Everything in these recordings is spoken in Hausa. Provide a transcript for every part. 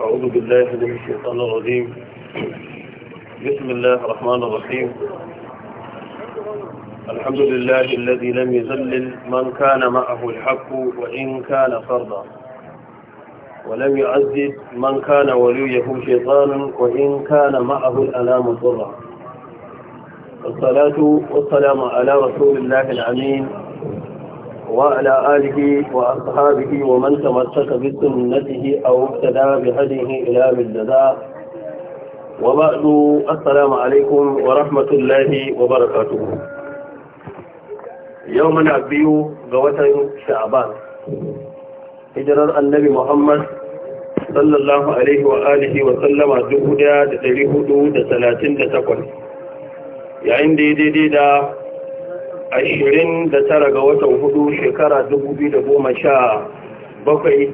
أعوذ بالله من الشيطان الرجيم بسم الله الرحمن الرحيم الحمد لله الذي لم يذلل من كان معه الحق وإن كان فرضا ولم يعزز من كان وليه شيطان وإن كان معه الألام ضرا الصلاة والسلام على رسول الله العميم وعلى آله وأصحابه ومن تمسك بسنته أو اقتدى بهديه إلى بالجزاء وبعد السلام عليكم ورحمة الله وبركاته يومنا بيو قوة شعبان hijirar annabi Muhammad sallallahu Alaihi wa alihi wa sallama dubu da da dari hudu talatin takwas, yayin da daidai da ashirin da tara ga watan hudu shekara dubu biyu da goma sha bakwai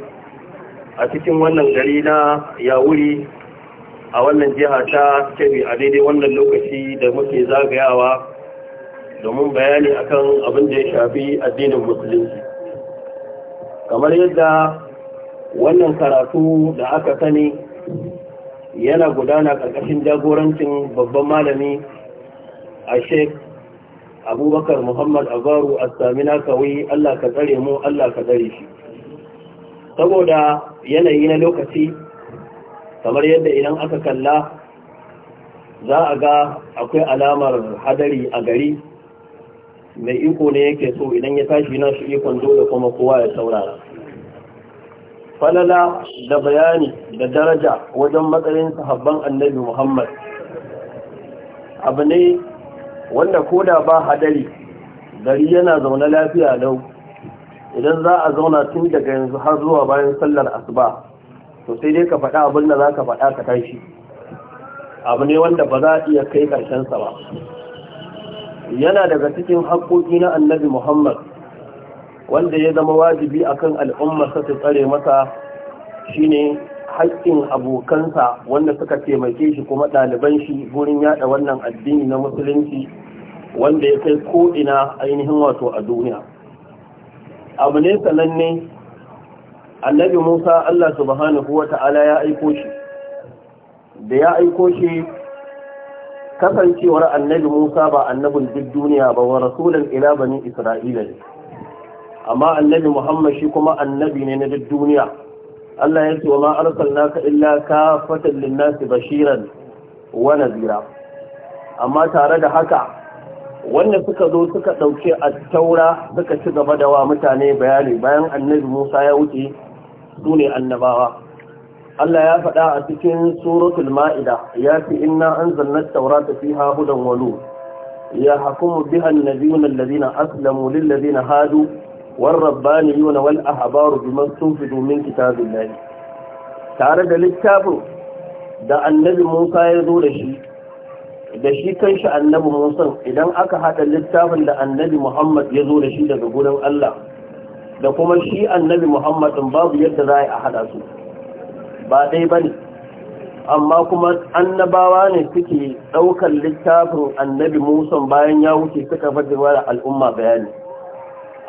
a cikin wannan gari na yawuri a wannan jiha ta kebi a daidai wannan lokaci da muke zagayawa domin bayani akan abin da ya shafi addinin musulunci kamar yadda wannan karatu da aka sani yana gudana ƙarƙashin jagorancin babban malami a shek. abubakar muhammad abaru samina kawai allah ka tsare mu allah ka tsare shi saboda yanayi na lokaci kamar yadda idan aka kalla za a ga akwai alamar hadari a gari mai iko ne yake so idan ya tashi na shi ikon dole kuma kowa ya saurara falala da bayani da daraja wajen matsayin sahabban annabi muhammad abu ne wanda koda ba hadari gari yana zaune lafiya lau idan za a zauna tun daga yanzu har zuwa bayan sallar asuba to sai dai ka faɗa abin da za ka faɗa ka tashi abu ne wanda ba za a iya kai ƙarshensa ba yana daga cikin haƙoƙi na annabi muhammad wanda ya zama wajibi akan al'ummarsa sa su tsare masa shine haƙƙin abokansa wanda suka taimake shi kuma ɗaliban shi gurin yada wannan addini na musulunci wanda ya kai ko'ina ainihin wato a duniya abu ne sananne annabi musa allah subhanahu wa ta'ala ya aiko shi da ya aiko shi kasancewar annabi musa ba annabin duk duniya ba wa rasulun ila bani isra'ila ne amma annabi muhammad shi kuma annabi ne na duk duniya Allah ya ce wa ma arsalnaka illa kafatan lin-nasi bashiran wa nadhira amma tare da haka wanda suka zo suka dauke a taura suka ci gaba da wa mutane bayani bayan annabi Musa ya wuce su ne annabawa Allah ya faɗa a cikin suratul ma'ida ya ce inna anzalna at-taurata fiha hudan wa nur ya hukumu biha an-nabiyuna alladhina aslamu lil-ladhina hadu والربانيون والأحبار بمن تنفذوا من كتاب الله tare da littafin da annabi Musa ya zo da shi da shi kanshi annabi Musa idan aka haɗa littafin da annabi Muhammad ya zo da shi daga gurin Allah da kuma shi annabi Muhammad Muhammadin babu yadda za a haɗa su ba ɗai ba ne amma kuma annabawa ne suke ɗaukar littafin annabi Musa bayan ya wuce suka fajirwa da al'umma bayani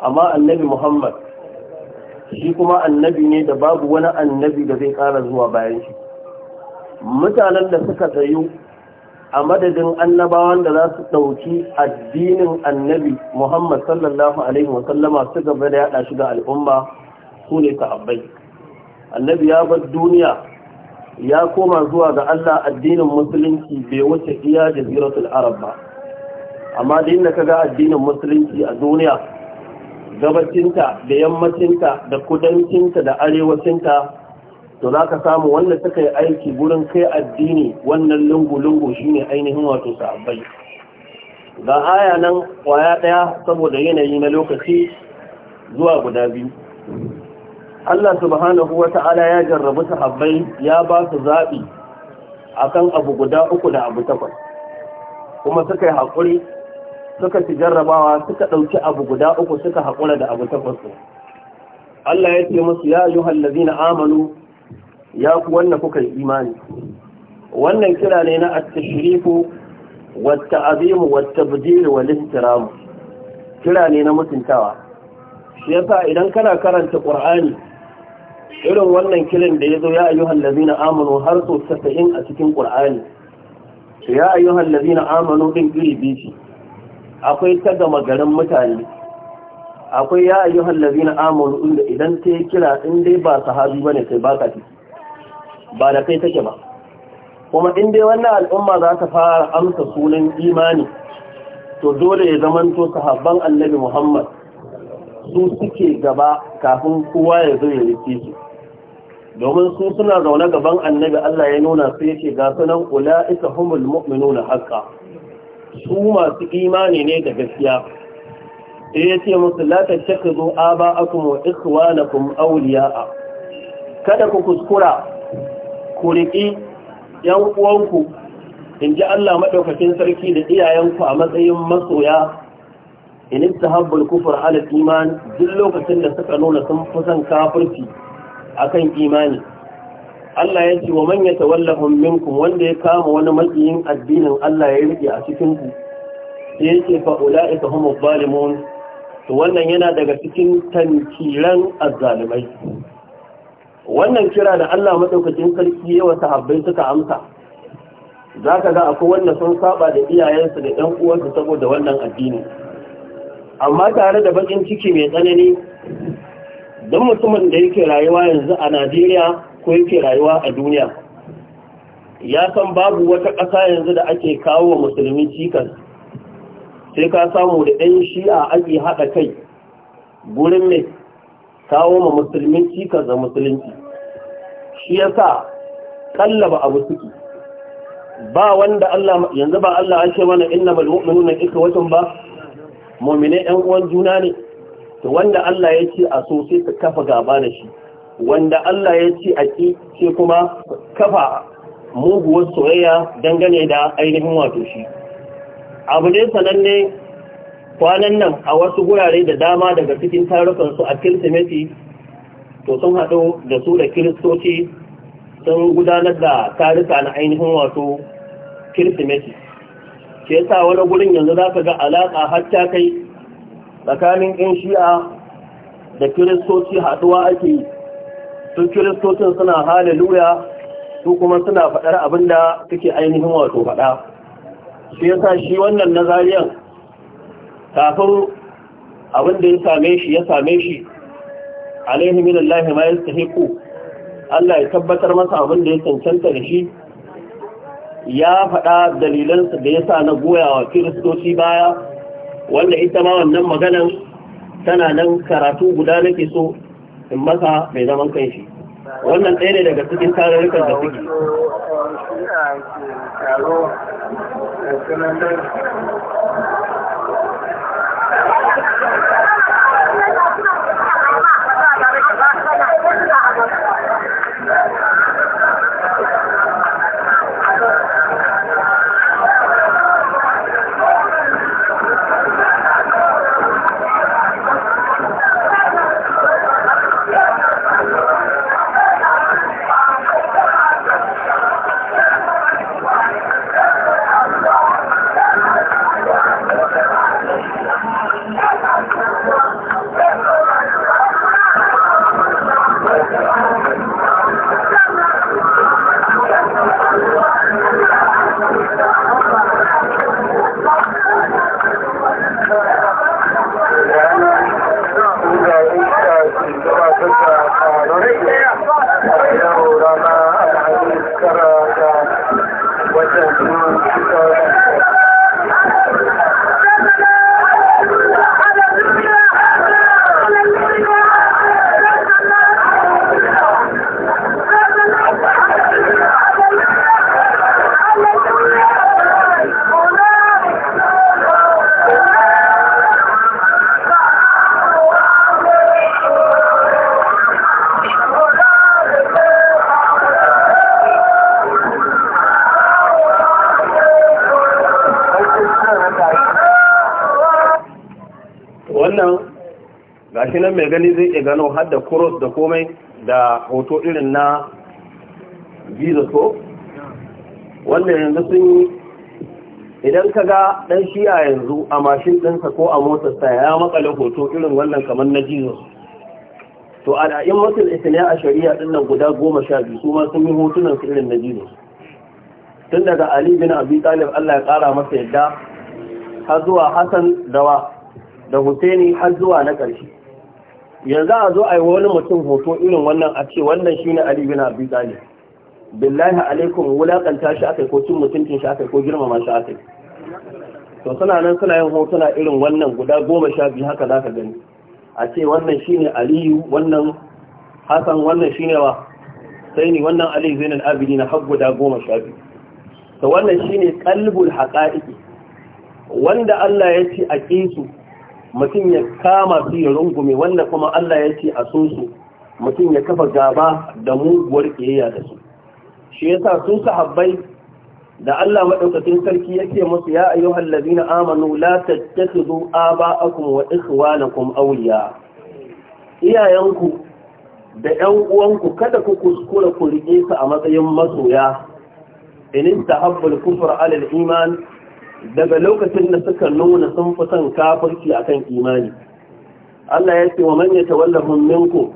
amma annabi muhammad shi kuma annabi ne da babu wani annabi da zai kara zuwa bayan shi mutanen da suka tsayu a madadin annabawan da za su ɗauki addinin annabi muhammad sallallahu alaihi wasallama su gaba da yaɗa shi ga al'umma su ne sahabbai annabi ya bar duniya ya koma zuwa ga allah addinin musulunci bai wuce iya jaziratul arab ba amma da inda ka ga addinin musulunci a duniya gabacinta da yammacinta da kudancinta da arewacinta to za ka samu wanda suka yi aiki gurin kai addini wannan lungu-lungu shine ainihin wato sa'abai ga aya nan kwaya ɗaya saboda yanayi na lokaci zuwa guda biyu Allah subhanahu wa ta'ala ya jarrabu sahabbai ya ba su zaɓi a kan abu guda uku da abu takwas kuma suka yi haƙuri suka ci jarrabawa suka ɗauki abu guda uku suka haƙura da abu takwas Allah ya ce musu ya yi hallazi na amalu ya ku wannan kuka yi imani wannan kira ne na attashirifu wata azimu wata bujiri wa littiramu kira ne na mutuntawa shi yasa idan kana karanta ƙur'ani irin wannan kiran da ya zo ya ayyuhan lazina amanu har so 90 a cikin ƙur'ani ya ayyuhan lazina amanu din iri biyu akwai ta gama garin mutane akwai ya ayyu hallabi na amur inda idan ta yi kira in dai ba sahabi ba ne sai ba ka ba da kai take ba kuma in dai wannan al'umma za ta fara amsa sunan imani to dole ya zamanto sahabban annabi muhammad su suke gaba kafin kowa ya zo ya rike su domin su suna zaune gaban annabi allah ya nuna su yake ga sunan ula'ika humul mu'minuna haqqan su masu imani ne da gaskiya sai ya ce musu kuma ikuwa na wa auliya a. kada ku kuskura ku riƙi yan uwanku in ji Allah maɗaukacin sarki da iyayenku a matsayin masoya in ittahabbul kufar alat iman duk lokacin da suka nuna sun fi son kafirci akan imani Allah ya ce wa man yatawallahum minkum wanda ya kama wani matsayin addinin Allah ya rike a cikin ku sai ya ce fa ulaika humuz zalimun to wannan yana daga cikin tankiran azzalimai wannan kira da Allah madaukakin sarki yawa Habbai suka amsa zaka ga akwai wanda sun saba da iyayensu da ɗan uwansu saboda wannan addini amma tare da bakin ciki mai tsanani don mutumin da yake rayuwa yanzu a Najeriya ko yake rayuwa a duniya ya san babu wata ƙasa yanzu da ake kawo wa musulmi cikas sai ka samu da ɗan shi'a ake haɗa kai gurin mai kawo ma musulmi cikas da musulunci shi ya sa ƙallaba abu suke ba wanda Allah yanzu ba Allah ya ce mana inna mal mu'minuna watan ba mu'mine ɗan uwan juna ne to wanda Allah ya ce a so sai su kafa gaba da shi wanda Allah ya ce a ci sai kuma kafa muguwar soyayya dangane da ainihin wato shi abu ne sananne kwanan nan a wasu gurare da dama daga cikin tarukansu a kirsimeti to sun haɗu da su da kiristoci sun gudanar da taruka na ainihin wato kirsimeti ke sa wani gurin yanzu za ka ga alaƙa hatta kai tsakanin 'yan shi'a da kiristoci haɗuwa ake su kiristocin suna haleluya su kuma suna faɗar abin da suke ainihin wato faɗa shi yasa shi wannan nazariyan kafin abin da ya same shi ya same shi alaihi minallahi ma yastahiqu Allah ya tabbatar masa abin da ya cancanta da shi ya faɗa dalilansa da ya sa na goya wa kiristoci baya wanda ita ma wannan maganan tana nan karatu guda nake so in masa mai zaman shi wannan ɗaya ne daga cikin tarurrukan da suke Thank you. gashi nan mai gani zai iya gano har da cross da komai da hoto irin na visa to Wannan yanzu sun yi idan ka ga dan shiya yanzu a mashin ɗinsa ko a motarsa ya makale hoto irin wannan kamar na jesus to a da'in wasu isniya a shari'a ɗin guda goma sha biyu su ma sun yi hotunan su irin na jesus tun daga ali bin abi talib allah ya ƙara masa yadda har zuwa hassan dawa da husaini har zuwa na ƙarshe yanzu a zo a yi wani mutum hoto irin wannan a ce wannan shine Ali bin Abi Talib billahi alaikum wulaƙanta shi akai ko cin mutuncin shi akai ko girmama shi akai to suna nan suna yin hotuna irin wannan guda goma sha biyu haka za ka gani a ce wannan shine Aliyu wannan Hassan wannan shine wa sai ni wannan Ali Zainal na har guda goma sha biyu to wannan shine qalbul haƙa'iƙi wanda Allah ya ce a su. mutum ya kama su ya rungume wanda kuma Allah ya ce a mutum ya kafa gaba da muguwar kiyayya da su shi sa sun sahabbai da Allah madaukakin sarki yake musu ya ayyuhal na amanu la tattakhidhu aba'akum wa ikhwanakum auliya iyayenku da ƴan uwanku kada ku kuskura ku rike su a matsayin masoya in istahabbul kufur ala iman daga lokacin da suka nuna sun fi son kafirci akan imani Allah ya ce wa man yatawallahum minkum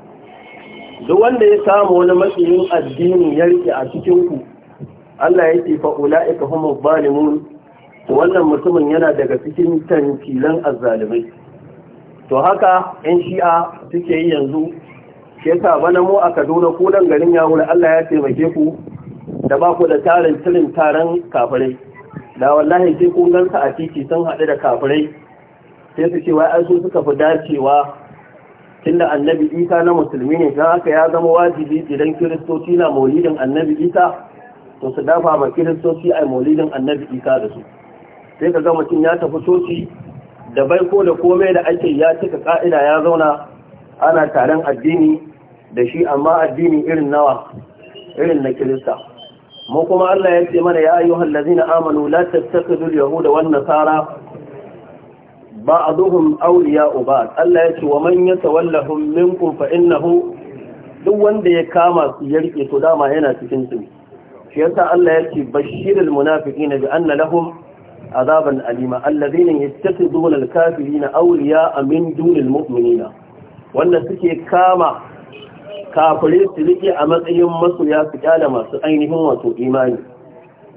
duk wanda ya samu wani matsayin addini ya rike a cikinku, Allah ya ce fa ulaika humuz zalimun wannan mutumin yana daga cikin tantilan azzalimai to haka in shi'a suke yi yanzu ke ta bana mu a Kaduna ko dan garin ya Allah ya taimake ku da ba ku da tarin tirin taron kafirai da wallahi sai kun a titi sun haɗu da kafirai sai su ce wai an su suka fi dacewa tunda annabi isa na musulmi ne don haka ya zama wajibi idan kiristoci na maulidin annabi isa to su dafa ma kiristoci a maulidin annabi isa da su sai ka ga cin ya tafi coci da bai ko da komai da ake ya cika ka'ida ya zauna ana taron addini da shi amma addini irin nawa irin na kirista mu kuma Allah ya ce mana ya ayyuhal ladzina amanu la tattakhidul yahuda wan nasara ba'dhum awliya'u ba'd Allah ya ce wa man yatawallahum minkum fa innahu duk wanda ya kama su ya rike to dama yana cikin su shi yasa Allah ya ce bashirul munafiqina bi anna lahum azaban alima alladhina yattakhiduna al-kafirina awliya'a min dunil mu'minina wanda suke kama kafure su rike a matsayin masoya su kyala masu ainihin wato imani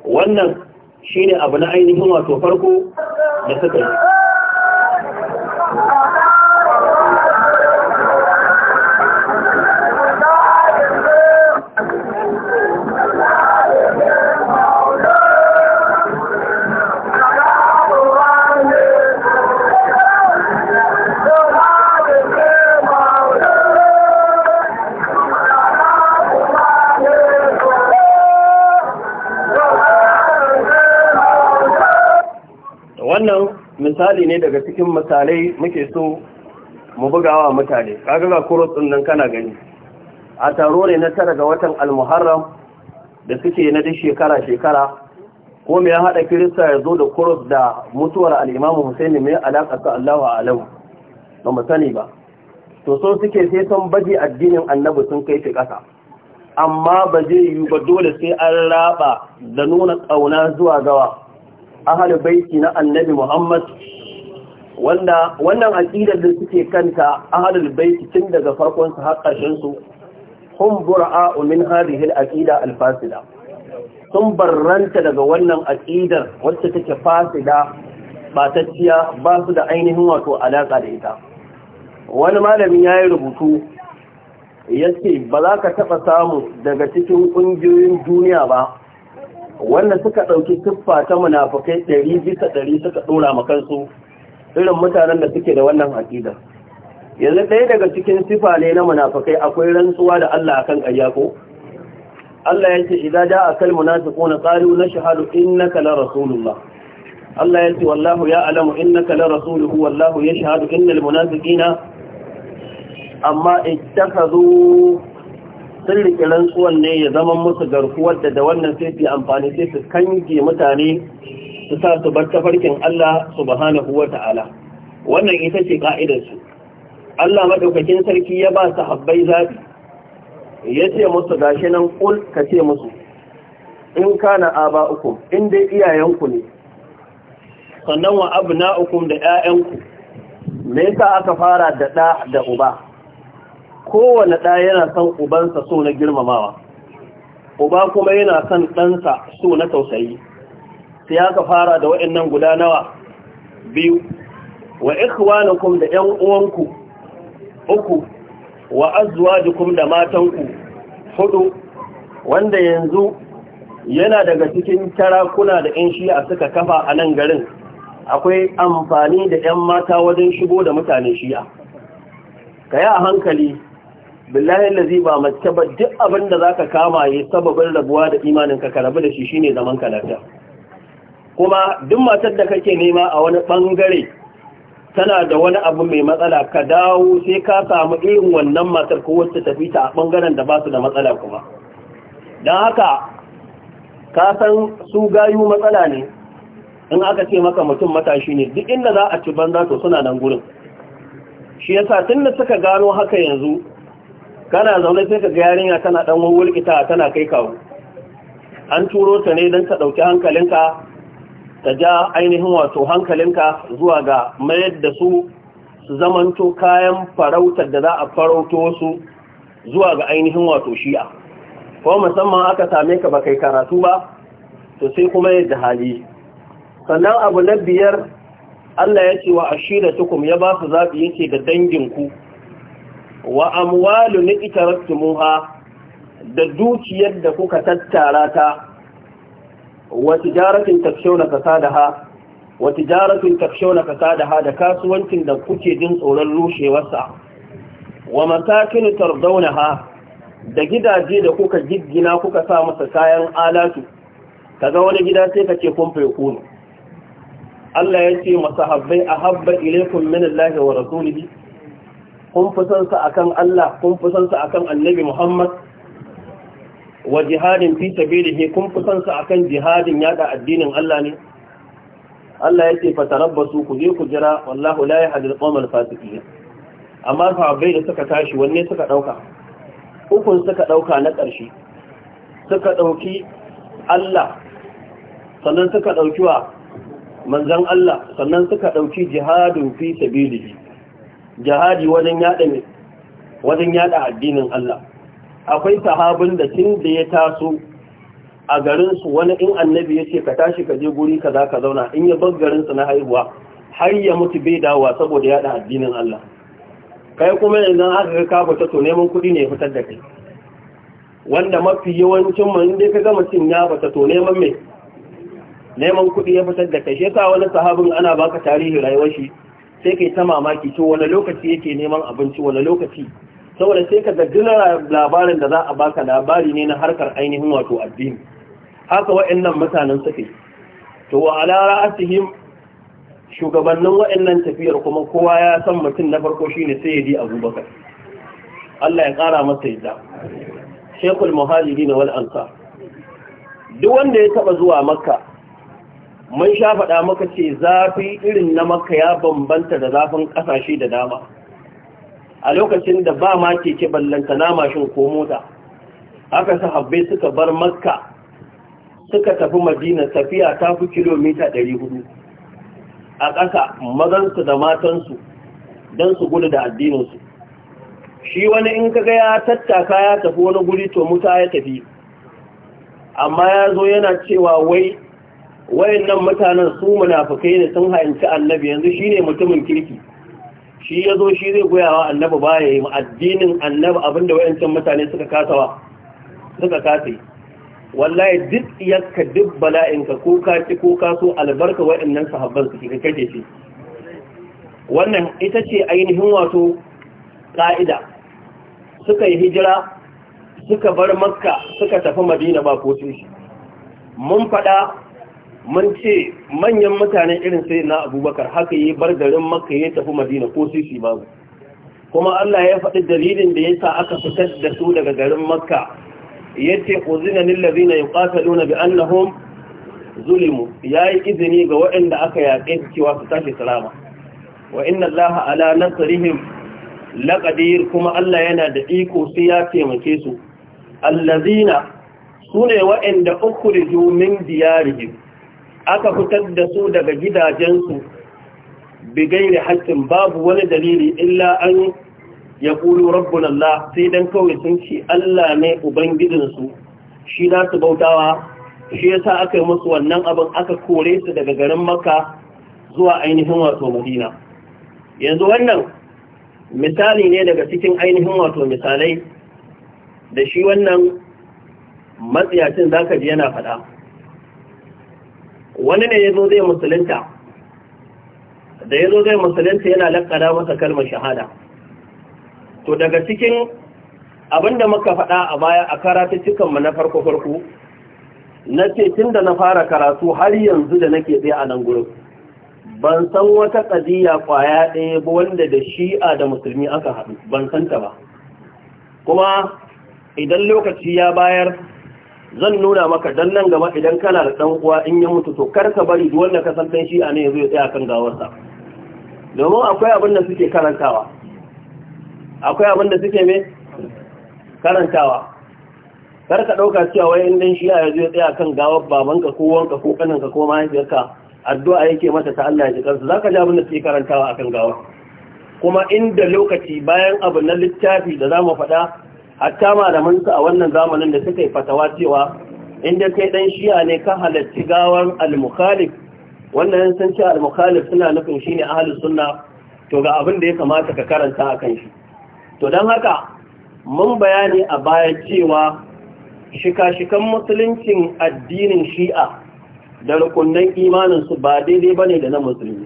wannan shine abu na ainihin wato farko da suka yi misali ne daga cikin misalai muke so mu bugawa mutane kaga ga kuros din nan kana gani a taro ne na tara ga watan al-muharram da suke na duk shekara shekara ko me ya haɗa kirista ya zo da kuros da mutuwar al-imam husaini mai alaka ta Allahu a'lam ba mu sani ba to so suke sai san baje addinin annabi sun kai shi ƙasa. amma ba zai yi ba dole sai an raba da nuna kauna zuwa gawa ahal baiti na annabi Muhammad wanda wannan aqidar da suke kanta ahlul baiti tun daga farkon su har ƙarshen su hum bura'a min hadhihi al-aqida al-fasida sun barranta daga wannan aqidar wacce take fasida ba tacciya ba su da ainihin wato alaka da ita wani malami yi rubutu yace ba za ka taɓa samu daga cikin ƙungiyoyin duniya ba wanda suka ɗauki tuffa ta munafukai ɗari bisa ɗari suka ɗora ma kansu irin mutanen da suke da wannan aƙidar yanzu ɗaya daga cikin sifa ne na munafukai akwai rantsuwa da Allah akan ƙarya ko Allah yace idza jaa kal na qalu nashhadu innaka la rasulullah Allah ce, wallahu ya'lamu innaka la rasuluhu wallahu yashhadu innal munafiqina amma ittakhadhu sun riƙe rantsuwan ne ya zama musu garkuwar da da wannan sai fi amfani sai su kange mutane su sa su bar tafarkin Allah subhanahu wa ta'ala wannan ita ce ka'idarsu Allah maɗaukakin sarki ya ba su habbai zaɓi ya ce musu gashi nan kul ka ce musu in kana aba uku in dai iyayenku ne sannan wa na uku da 'ya'yanku me yasa aka fara da ɗa da uba kowane ɗa yana son ubansa so na girmamawa uba kuma yana son ɗansa so na tausayi sai ka fara da nan guda nawa biyu wa ikhwanakum da ƴan uwanku uku wa azwajukum da matanku hudu wanda yanzu yana daga cikin tarakuna da ƴan a suka kafa a nan garin akwai amfani da 'yan mata wajen shigo da mutane shi'a ka yi a hankali billahi lazi ba mace ba duk abin da za ka kama yi sababin rabuwa da imanin ka karabu da shi shine zaman ka kuma duk matar da kake nema a wani bangare tana da wani abu mai matsala ka dawo sai ka samu irin wannan matar ko wacce tafi ta a bangaren da ba su da matsala kuma don haka ka san su gayu matsala ne in aka ce maka mutum matashi ne duk inda za a ci banza to suna nan gurin shi yasa tun da suka gano haka yanzu kana zaune sai ka ga yarinya tana dan ita tana kai kawo an turo ta ne don ta ɗauki hankalinka ta ja ainihin wato hankalinka zuwa ga mayar da su su zamanto kayan farautar da za a farauto su zuwa ga ainihin wato shi'a ko musamman aka same ka bakai karatu ba to sai kuma yadda hali sannan abu na biyar Allah ya ce wa ashiratukum tukum ya ba su zabi yake da danginku wa amwalu ni itarattumuha da dukiyar da kuka tattara ta wa tijaratin takshawna kasadaha wa tijaratin takshawna kasadaha da kasuwancin da kuke jin tsoron rushewarsa wa masakin tardawnaha da gidaje da kuka giggina kuka sa masa kayan alatu kaga wani gida sai kace kun fa Allah yace masahabbai ahabba ilaykum min Allah wa rasulihi kun fi son sa akan Allah kun fi son sa akan Annabi Muhammad wa jihadin fi sabilihi kun fi son sa akan jihadin yada addinin Allah ne Allah yake fatarabbasu ku je ku jira wallahu la hadir qawmal fasiqin amma sahabbai da suka tashi wanne suka dauka ukun suka dauka na ƙarshe suka dauki Allah sannan suka dauki wa manzan Allah sannan suka dauki jihadin fi sabilihi jihadi wajen yada addinin Allah akwai sahabin da tun da ya taso a garinsu wani in annabi ya ce ka tashi ka je guri ka za ka zauna in ya bar garin su na haihuwa har ya mutu bai dawa saboda yada addinin Allah kai kuma idan aka ga ka ta to neman kuɗi ne fitar da kai wanda mafi yawancin mu inda ka ga mutum ya bata to neman me neman kuɗi ya fitar da kai shi wani sahabin ana baka tarihi rayuwar shi sai yi ta mamaki to wani lokaci yake neman abinci wani lokaci saboda sai ka gaggina labarin da za a baka labari ne na harkar ainihin wato addini haka wa'annan mutanen suke to wa ala ra'atihim shugabannin wa'annan tafiyar kuma kowa ya san mutum na farko shine sayyidi abubakar Allah ya kara masa yadda shekul muhajirin wal ansar duk wanda ya taba zuwa makka mun sha faɗa maka ce zafi irin na maka ya bambanta da zafin ƙasashe da dama a lokacin da ba ma keke ballanta na mashin ko mota haka sahabbai suka bar makka suka tafi madina tafiya ta fi kilomita 400 a ƙasa mazansu da matansu don su gudu da addininsu shi wani in kaga ya tattaka ya tafi wani guri to muta ya tafi amma ya zo yana cewa wai wayannan mutanen su munafukai ne sun hayanci annabi yanzu shine mutumin kirki shi ya zo shi zai goyawa annabi baya yi addinin annabi abinda wayancin mutane suka kasawa suka kase wallahi duk yakka duk bala'inka ko ka ci ko ka albarka wayannan sahabban su kika kaje shi wannan ita ce ainihin wato ka'ida suka yi hijira suka bar makka suka tafi madina ba ko shi mun faɗa mun ce manyan mutane irin sai na abubakar haka yi bar garin makka ya tafi madina ko sisi babu kuma allah ya faɗi dalilin da ya sa aka fitar da su daga garin makka ya ce uzina lillazi na yi ƙasaluna bi annahum zulimu ya yi izini ga waɗanda aka yaƙe cewa su tashi salama wa inna allah ala nasarihim laƙadir kuma allah yana da iko sai ya taimake su allazina su ne waɗanda uku da min diyarihim aka fitar da su daga gidajensu bigai da haƙƙin babu wani dalili illa an ya ƙulu rabbin Allah sai don kawai sun ci Allah ne Ubangijinsu shi na su bautawa shi ya sa aka yi musu wannan abin aka kore su daga garin maka zuwa ainihin wato madina yanzu wannan misali ne daga cikin ainihin wato misalai da shi wannan matsiyacin za ka ji yana faɗa wani ne ya zo zai musulunta da ya zo zai musulunta yana lakkada masa kalmar shahada to daga cikin abinda muka faɗa a baya a cikinmu na farko-farko na ce tun da na fara karatu har yanzu da nake tsaye a nan gurin ban san wata ƙadiyya ƙwaya ɗaya ba wanda da shi'a da musulmi aka haɗu ban santa ba kuma idan lokaci ya bayar zan nuna maka dan nan gaba idan kana da dan uwa in ya mutu to kar ka bari duk wanda ka san dan shi a ne ya tsaya kan gawarsa domin akwai abin da suke karantawa akwai abin da suke me karantawa kar ka dauka cewa wai in dan shi ya ya tsaya kan gawar ka ko wanka ko kanin ka ko mahaifiyarka addu'a yake mata ta Allah ya ji kansu zaka ji abin da suke karantawa akan gawar kuma inda lokaci bayan abu na littafi da za mu faɗa hatta malaman su a wannan zamanin da suka yi fatawa cewa inda kai dan shi'a ne ka halarci gawar al-mukhalif wannan sun ce al-mukhalif suna nufin shine ahlus sunna to ga abin da ya kamata ka karanta akan shi to dan haka mun bayani a baya cewa shika-shikan musuluncin addinin shi'a da rukunan imaninsu ba daidai bane da na musulmi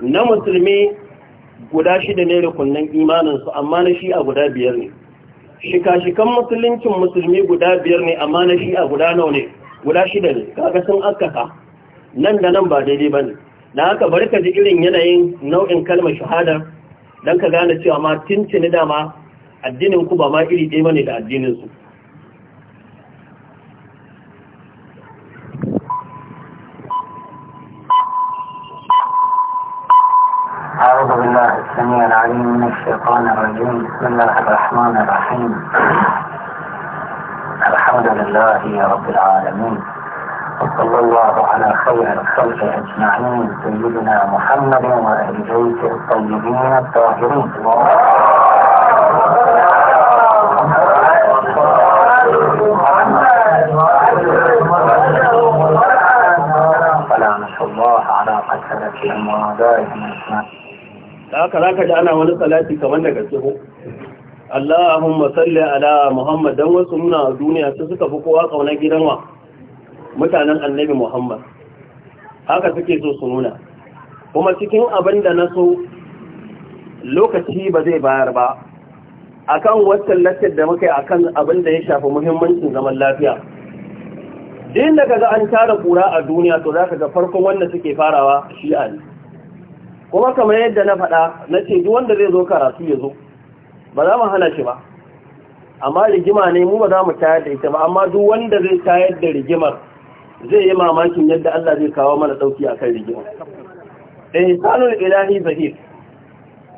na musulmi guda shida ne imanin imaninsu amma na shi'a guda biyar ne shika-shikan musuluncin musulmi guda biyar ne amma na shi a guda nau ne guda shida ne kaga sun akasa nan da nan ba daidai ba ne da haka bari ka ji irin yanayin nau'in kalmar shahada don ka gane cewa ma tuntuni dama addinin ku ba ma iri ɗaya ba ne da addininsu الرجيم بسم الله الرحمن الرحيم الحمد لله يا رب العالمين وصلى الله على خير الخلق اجمعين سيدنا محمد واهل بيته الطيبين الطاهرين سلامة الله على قتلة المعاداة haka za ka ji ana wani salati kamar daga siho Allahumma salli ala Muhammad dan wasu muna duniya su suka fi kowa kaunar gidan wa mutanen annabi Muhammad haka suke so su nuna kuma cikin abin da na so lokaci ba zai bayar ba akan wancan lafiyar da muka yi akan abin da ya shafi muhimmancin zaman lafiya din da kaga an tara kura a duniya to za ka ga farkon wanda suke farawa shi'a ne kuma kamar yadda na faɗa na ce duk wanda zai zo karatu ya zo ba za mu hana shi ba amma rigima ne mu ba za mu tayar da ita ba amma duk wanda zai tayar da rigimar zai yi mamakin yadda Allah zai kawo mana dauki akan rigimar ihsanul eh, ilahi zahir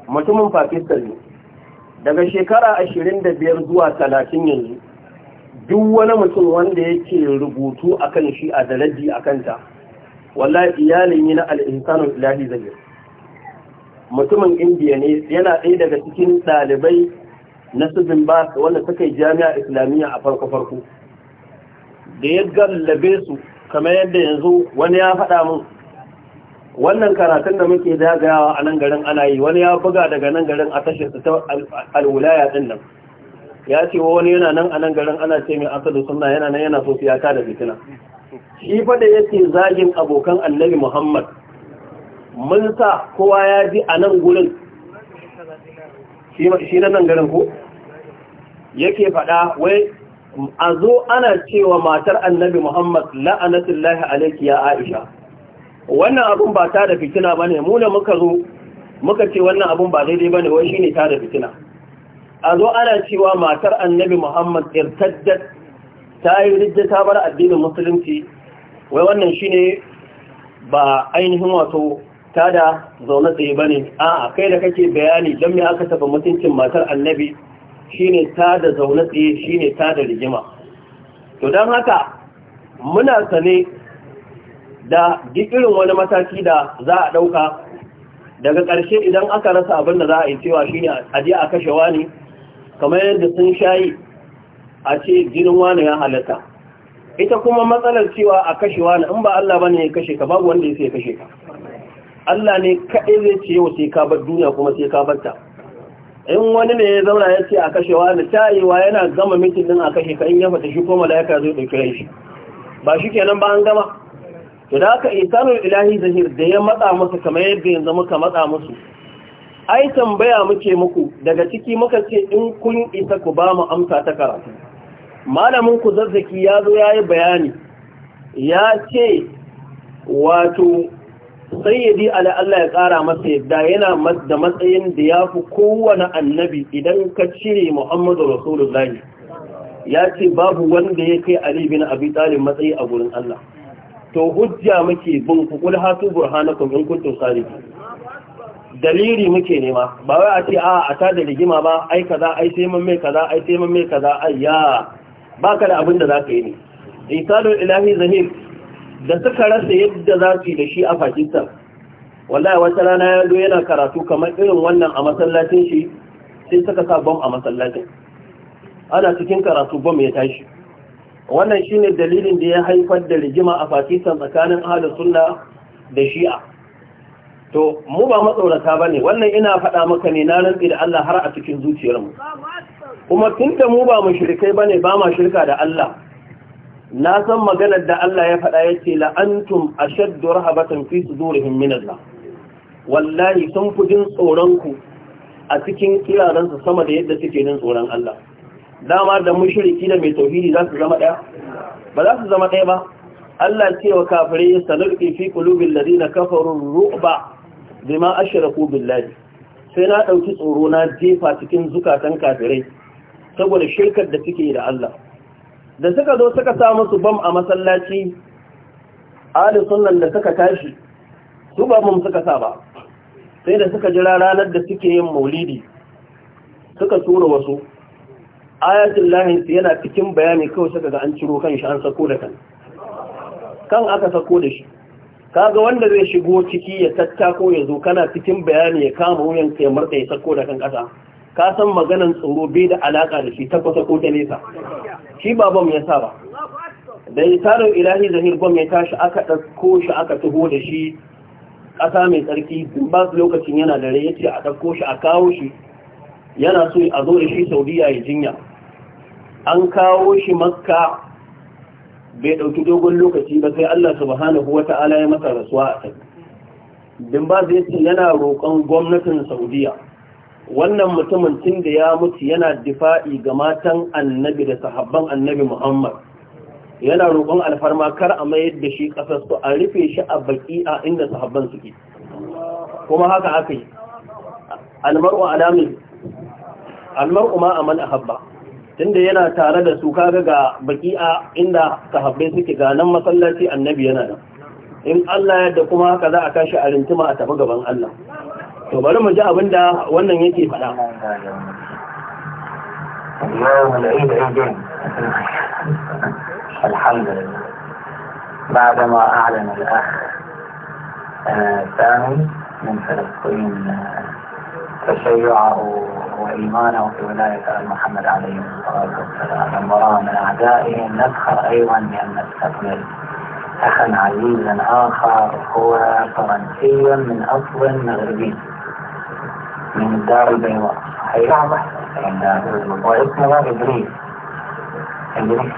mutumin Pakistan ne daga shekara ashirin da biyar zuwa talatin yanzu duk wani mutum wanda yake rubutu akan shi a dalaji akanta wallahi iyalin yi na al-ihsanul ilahi zahir mutumin indiya ne yana ɗaya daga cikin ɗalibai na sibin ba wanda suka yi jami'a islamiyya a farko-farko da ya gallabe su kamar yadda yanzu wani ya faɗa min wannan karatun da muke zagayawa a nan garin ana yi wani ya buga daga nan garin a tashar su ta alwulaya ɗin nan ya ce wa wani yana nan a nan garin ana ce mai asadu suna yana nan yana so da fitina shi faɗa da yake zagin abokan annabi muhammad mun sa kowa ya ji a nan gurin shi na nan garin ko yake faɗa wai a zo ana cewa matar annabi muhammad la'anatullahi alaiki ya aisha wannan abin ba ta da fitina ba ne muna muka zo muka ce wannan abin ba daidai ba ne wai shi ne ta da fitina a zo ana cewa matar annabi muhammad taddad, ta yi rijda ta bar addinin musulunci wai wannan shi ne ba ainihin wato tada zaune tsaye bane a'a kai da kake bayani don me aka taba mutuncin matar annabi shine da zaune tsaye shine da rigima to don haka muna sane da duk irin wani mataki da za a dauka daga ƙarshe idan aka rasa abin da za a yi cewa ne a je a kashe wani kamar yadda sun shayi a ce jinin wani ya halatta ita kuma matsalar cewa a kashe wani in ba Allah ne ya kashe ka babu wanda ya sai kashe ka Allah ne kaɗai zai ce yau sai ka bar duniya kuma sai ka barta in wani ne ya zauna ya ce a kashewa da tayewa yana gama mitin din a kashe ka in ya fata shi ko mala'ika zai ɗauki rai ba shi kenan ba an gama to da haka isanul ilahi zahir da ya matsa musu kamar yadda yanzu muka matsa musu ai tambaya muke muku daga ciki muka ce in kun isa ku ba mu amsa ta karatu malamin ku zazzaki ya zo ya yi bayani ya ce wato Sai ya sayyidi ala Allah ya ƙara masa yadda yana da matsayin da ya fi kowane annabi idan ka cire Muhammadu Rasulullahi ya ce babu wanda ya kai Ali bin Abi Talib matsayi a gurin Allah to hujja muke bin ku kul hatu burhanakum in kuntum sadiqin dalili muke nema ba wai a ce a a ta da rigima ba ai kaza ai sai mun mai kaza ai sai mun mai kaza ai ya baka da abinda da zaka yi ne isalul ilahi zahir da suka rasa yadda za su yi da shi a Pakistan wallahi wata rana ya zo yana karatu kamar irin wannan a masallacin shi sai suka sa bom a masallacin ana cikin karatu bom ya tashi wannan shi ne dalilin da ya haifar da rigima a Pakistan tsakanin ahlus sunna da shi'a to mu ba ba bane wannan ina faɗa maka ne na rantsi da Allah har a cikin zuciyarmu kuma tunda mu ba mushrikai bane ba ma shirka da Allah na san maganar da Allah ya faɗa ya ce la'antum a shaddu rahabatan fi su zurihin minalla wallahi sun fi jin tsoronku a cikin kiraransu sama da yadda suke jin tsoron Allah dama da shirya da mai tauhidi za su zama ɗaya ba za su zama ɗaya ba Allah ce wa kafirai ya sanarki fi na ladina kafaru ru'ba ko ashraku billahi sai na ɗauki tsoro na jefa cikin zukatan kafirai saboda shirkar da suke da Allah da suka zo suka sa musu bam a masallaci ahli sunnan da suka tashi su ba mun suka sa ba sai da suka jira ranar da suke yin maulidi suka tura wasu ayatul lahi yana cikin bayani kawai saka ga an ciro kan shi an sako da kan kan aka sako da shi kaga wanda zai shigo ciki ya tattako ya zo kana cikin bayani ya kama wuyan kai marka ya sako da kan kasa ka san maganan tsoro bai da alaka da shi takwasa ko ta nesa shi ba bam ya sa ba da isarin ilahi zahir bam ya tashi aka ɗauko shi aka taho da shi ƙasa mai tsarki ba lokacin yana da rai yace a ɗauko shi a kawo shi yana so a zo da shi saudiya ya jinya an kawo shi makka bai ɗauki dogon lokaci ba sai Allah subhanahu wa ta'ala ya masa rasuwa a can. Dimbaz zai yana roƙon gwamnatin Saudiya wannan mutumin tun da ya mutu yana difa'i ga matan annabi da sahabban annabi Muhammad yana roƙon alfarma kar a mayar da shi ƙasar su a rufe shi a baki a inda sahabban suke kuma haka aka yi almar'u alamin almar'u ma habba. Tun da yana tare da su kaga ga baki a inda sahabbai suke ga nan masallaci annabi yana nan in Allah yadda kuma haka za a kashi a rintima a tafi gaban Allah to bari mu ji abin da wannan yake faɗa الحمد لله بعدما أعلن الأخ سامي من فلسطين تشيعه وإيمانه في ولاية محمد عليه الصلاة والسلام لما من أعدائه نفخر أيضا بأن نستكمل أخا عزيزا آخر هو فرنسي من أصل مغربي من الدار البيضاء أي لحظة من دار البيضاء واسمها شو إدريس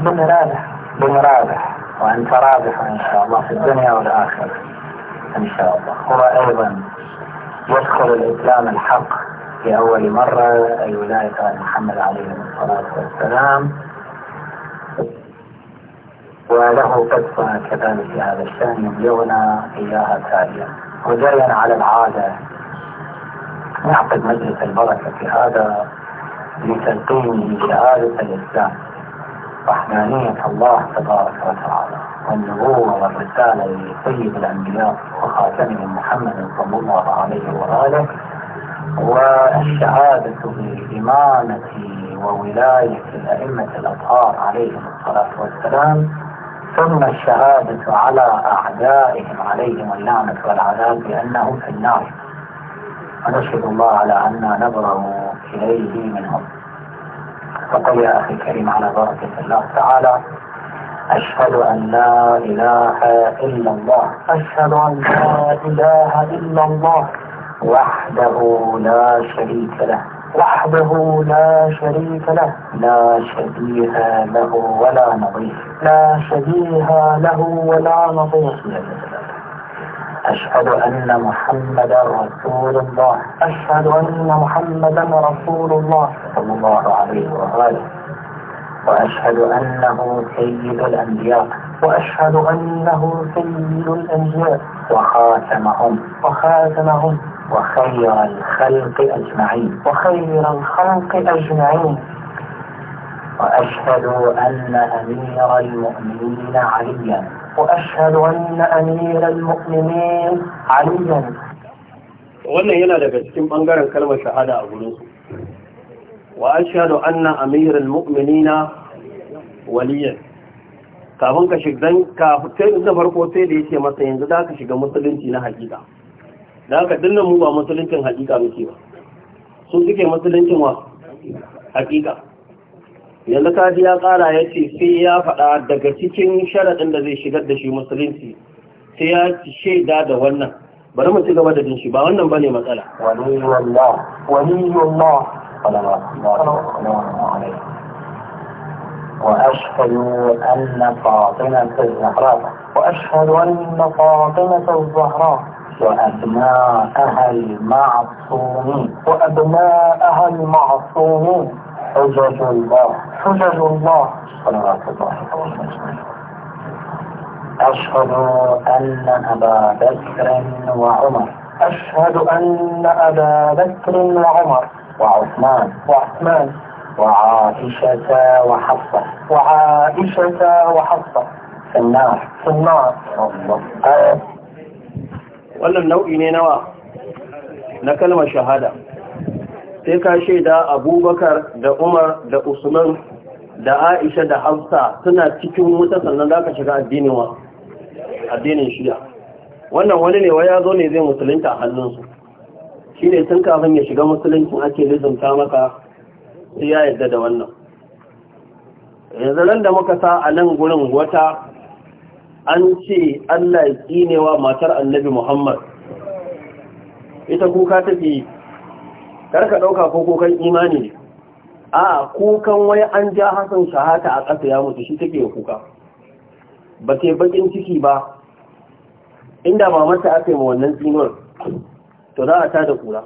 بن رابح بن رابح وأنت رابح إن شاء الله في الدنيا والآخرة إن شاء الله هو أيضا يدخل الإسلام الحق لأول مرة الولاية على محمد عليه الصلاة والسلام وله قصة كذلك في هذا الشأن يبلغنا إياها تاليا وجريا على العادة نعقد مجلس البركة في هذا لتلقين شهادة الإسلام رحمانية الله تبارك وتعالى والنبوة والرسالة لسيد الأنبياء وخاتمهم محمد صلى الله عليه وآله والشهادة بإمامة وولاية الأئمة الأطهار عليهم الصلاة والسلام ثم الشهادة على أعدائهم عليهم اللعنة والعذاب بأنهم في النار ونشهد الله على أن نظره إليه منهم فقل يا أخي الكريم على بركة الله تعالى أشهد أن لا إله إلا الله أشهد أن لا إله إلا الله وحده لا شريك له وحده لا شريك له لا شبيه له ولا نظير لا شبيه له ولا نظير أشهد أن محمدا رسول الله أشهد أن محمدا رسول الله صلى الله عليه وآله وأشهد أنه سيد الأنبياء وأشهد أنه سيد الأنبياء وخاتمهم وخاتمهم وخير الخلق أجمعين وخير الخلق أجمعين وأشهد أن أمير المؤمنين عليا وأشهد أن أمير المؤمنين عليا wannan yana daga cikin ɓangaren kalmar shahada a gurin su wa ashhadu anna amiral mu'minina waliyan kafin ka shiga kafin da farko sai da yace masa yanzu za ka shiga musulunci na haƙiƙa. da haka dinnan mu ba musuluncin haƙiƙa muke ba su suke musuluncin wa haƙiƙa. yanzu kaji ya kara ya ce sai ya faɗa daga cikin sharaɗin da zai shigar da shi musulunci sai ya shaida da wannan bari mu ci gaba da jin shi ba wannan bane matsala waliyullah waliyullah وأشهد أن فاطمة الزهراء وأشهد أن فاطمة الزهراء وأبناءها المعصومين وأبناءها المعصومين حجج الله حجج الله صلوات الله أشهد أن أبا بكر وعمر أشهد أن أبا بكر وعمر وعثمان وعثمان وعائشة وحفصة وعائشة وحفصة في النار في النار wannan nau'i ne nawa na kalmar shahada sai ka shaida abubakar da umar da usman da aisha da hafsa suna cikin wuta sannan za ka shiga addinin shiya wannan wani ne waya zo ne zai musulunta a hannunsu shi ne tun kafin ya shiga musuluncin ake lizumta maka sai ya yadda da wannan yanzu nan da muka sa a nan gurin wata an ce allah ya ƙinewa matar annabi muhammad ita kuka take kar ka ɗauka ko kokan imani ne a kukan wai an ja hasan shahata a ƙasa ya mutu shi take kuka ba ke bakin ciki ba inda mamata aka yi mu wannan tsinuwar to za a ta da kura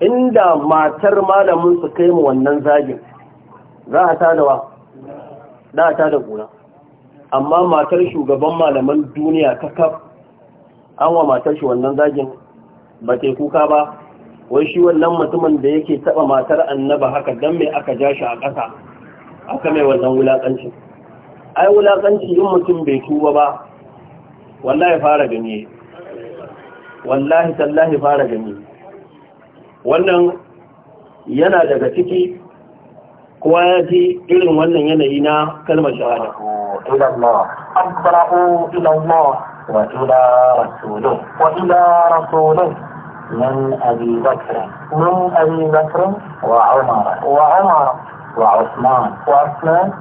inda matar malamin su kai mu wannan zagin za a ta da wa za a ta da kura amma matar shugaban malaman duniya ta kaf an wa matar shi wannan zagin ba ta kuka ba wai shi wannan mutumin da yake taba matar annaba haka dan mai aka ja shi a ƙasa aka mai wannan wulaƙanci ai wulaƙanci in mutum bai tuba ba wallahi fara gani wallahi tallahi fara gani wannan yana daga ciki kowa ya ji irin wannan yanayi na kalmar shahada wa ila rasulun من أبي بكر من أبي بكر وعمر وعمر وعثمان وعثمان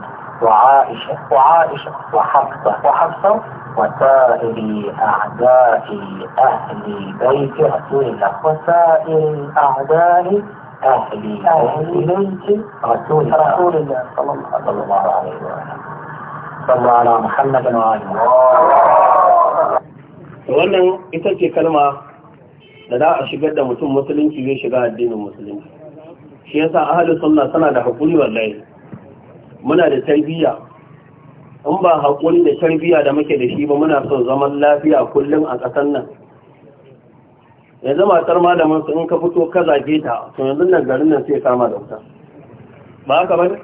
وعائشة وعائشة وحفصة وحفصة وسائر أعداء أهل بيت رسول الله وسائر أعداء أهل, أهل بيت رسول الله رسول الله صلى الله عليه وسلم صلى على محمد وعلى وسلم. وصحبه وسلم. ce da za a shigar da mutum musulunci zai shiga addinin musulunci shi yasa ahalus sunna suna da hakuri wallahi muna da tarbiyya in ba hakuri da tarbiyya da muke da shi ba muna son zaman lafiya kullum a ƙasar nan yanzu matar da masu in ka fito ka zage ta to yanzu nan garin nan sai kama da wuta ba haka ne?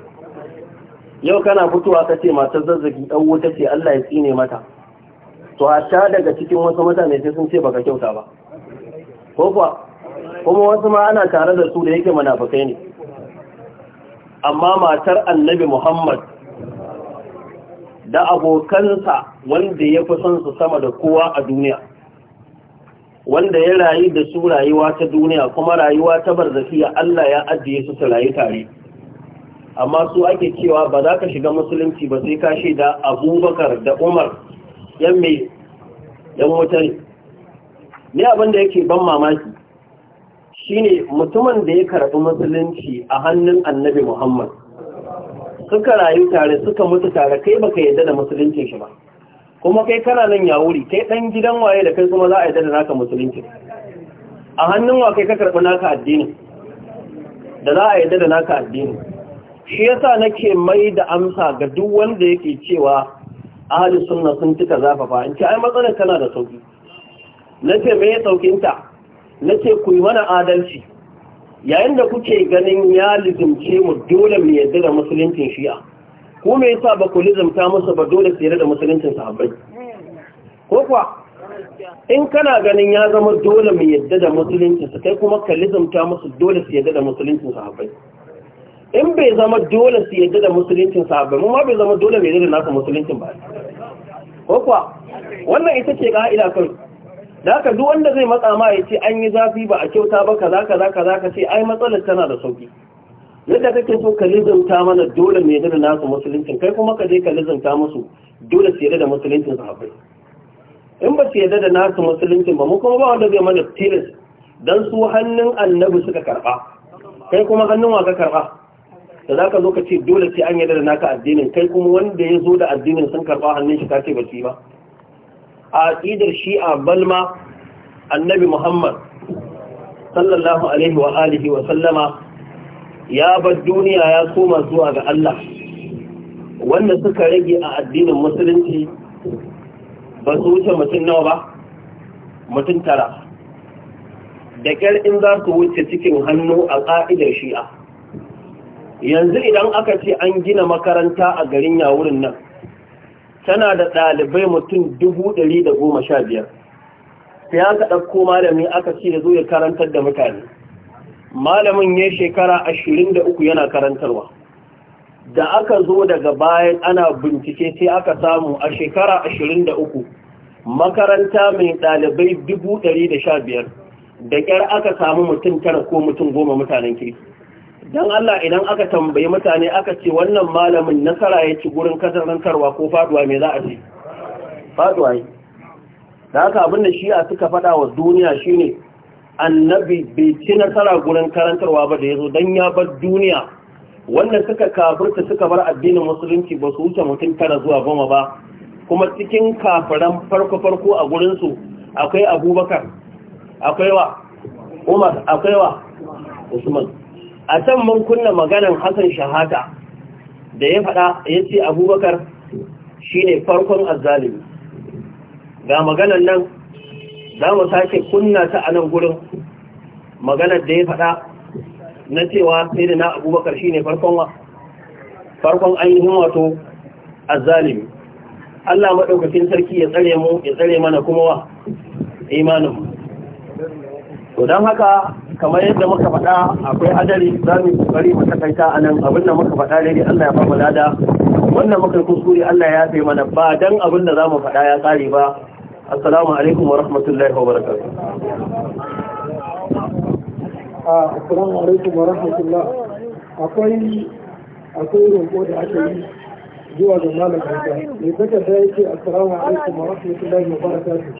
yau kana fitowa ka ce matar zazzagi ɗan wuta ce Allah ya tsine mata to a daga cikin wasu mutane sai sun ce baka kyauta ba ko kuwa kuma wasu ma ana tare da su da yake munafukai ne amma matar annabi Muhammad da abokansa wanda ya fi son su sama da kowa a duniya wanda ya rayu da su rayuwa ta duniya kuma rayuwa ta barzafiya Allah ya ajiye su su rayu tare amma su ake cewa ba za ka shiga musulunci ba sai ka da abubakar da umar yan mai yan wutar ne abin da yake ban mamaki shine mutumin da ya karɓi musulunci a hannun annabi muhammad suka rayu tare suka mutu tare kai baka yadda da musulunci shi ba kuma kai kana nan ya wuri kai ɗan gidan waye da kai kuma za a yadda da naka musulunci a hannun wa kai ka karɓi naka addini da za a yadda da naka addini shi yasa nake mai da amsa ga duk wanda yake cewa ahli sunna sun tuka zafafa in ce ai matsalar tana da sauki na ce mai saukinta na ce ku yi mana adalci yayin da kuke ganin ya lizimce mu dole mu yadda da musuluncin shi'a ko me yasa ba ku lizimta musu ba dole su yadda da musuluncin sahabbai ko kuwa in kana ganin ya zama dole mu yadda da musuluncin su kai kuma ka lizimta musu dole su yadda da musuluncin sahabbai in bai zama dole su yadda da musuluncin sahabbai mun ma bai zama dole mu yadda da nasu musuluncin ba ko kuwa wannan ita ce ka'ida kawai da haka duk wanda zai matsa ma ya ce an yi zafi ba a kyauta ba kaza kaza kaza ka ce ai matsalar tana da sauki yadda kake so ka lizanta mana dole mai da nasu musuluncin kai kuma ka je ka lizanta musu dole su yadda da musuluncin sahabbai in ba su yadda da nasu musuluncin ba mu kuma ba wanda zai mana tilis dan su hannun annabi suka karba kai kuma hannun wa ka karba da za ka zo ka ce dole sai an yadda da naka addinin kai kuma wanda ya zo da addinin sun karba hannun shi ka ce ba su yi ba a aƙidar shi'a balma annabi muhammad sallallahu alaihi wa alihi wa sallama ya bar duniya ya koma zuwa ga Allah wanda suka rage a addinin musulunci ba su wuce mutum nawa ba mutum tara da ƙyar in za su wuce cikin hannu a ƙa'idar shi'a yanzu idan aka ce an gina makaranta a garin yawurin nan tana da ɗalibai mutum dubu ɗari da goma sha biyar sai aka ɗauko malami aka ce da zo ya karantar da mutane malamin ya shekara ashirin da uku yana karantarwa da aka zo daga bayan ana bincike sai aka samu a shekara ashirin da uku makaranta mai ɗalibai dubu ɗari da sha biyar da ƙyar aka samu mutum tara ko mutum goma mutanen kirki don Allah idan aka tambayi mutane aka ce wannan malamin nasara ya ci gurin kasarantarwa ko faduwa mai za a ce faduwa yi da abin da shi a suka fada wa duniya shi ne annabi bai ci nasara gurin karantarwa ba da ya zo don ya bar duniya wannan suka kafirta suka bar addinin musulunci ba su wuce mutum tara zuwa goma ba kuma cikin kafiran farko-farko a gurinsu akwai abubakar akwai wa umar akwai wa usman a can mun kunna maganan hasan shahada da ya faɗa ya ce abubakar shi ne farkon azzalimi ga maganan nan za mu sake kunna ta a nan gurin maganar da ya faɗa na cewa sai da na abubakar shi ne farkon ainihin wato azzalimi Allah maɗaukacin sarki ya tsare mu ya tsare mana kuma wa imanin mu. To don haka kamar yadda muka faɗa akwai hadari za mu kokari mu takaita a nan abin da muka faɗa ne Allah ya bamu lada wannan muka kuskure Allah ya sai mana ba dan abin da zamu faɗa ya tsare ba assalamu alaikum wa rahmatullahi wa barakatuh ah, assalamu alaikum wa rahmatullah akwai akwai roƙo da ake yi zuwa ga malam da ne take da yake assalamu alaikum wa rahmatullahi wa barakatuh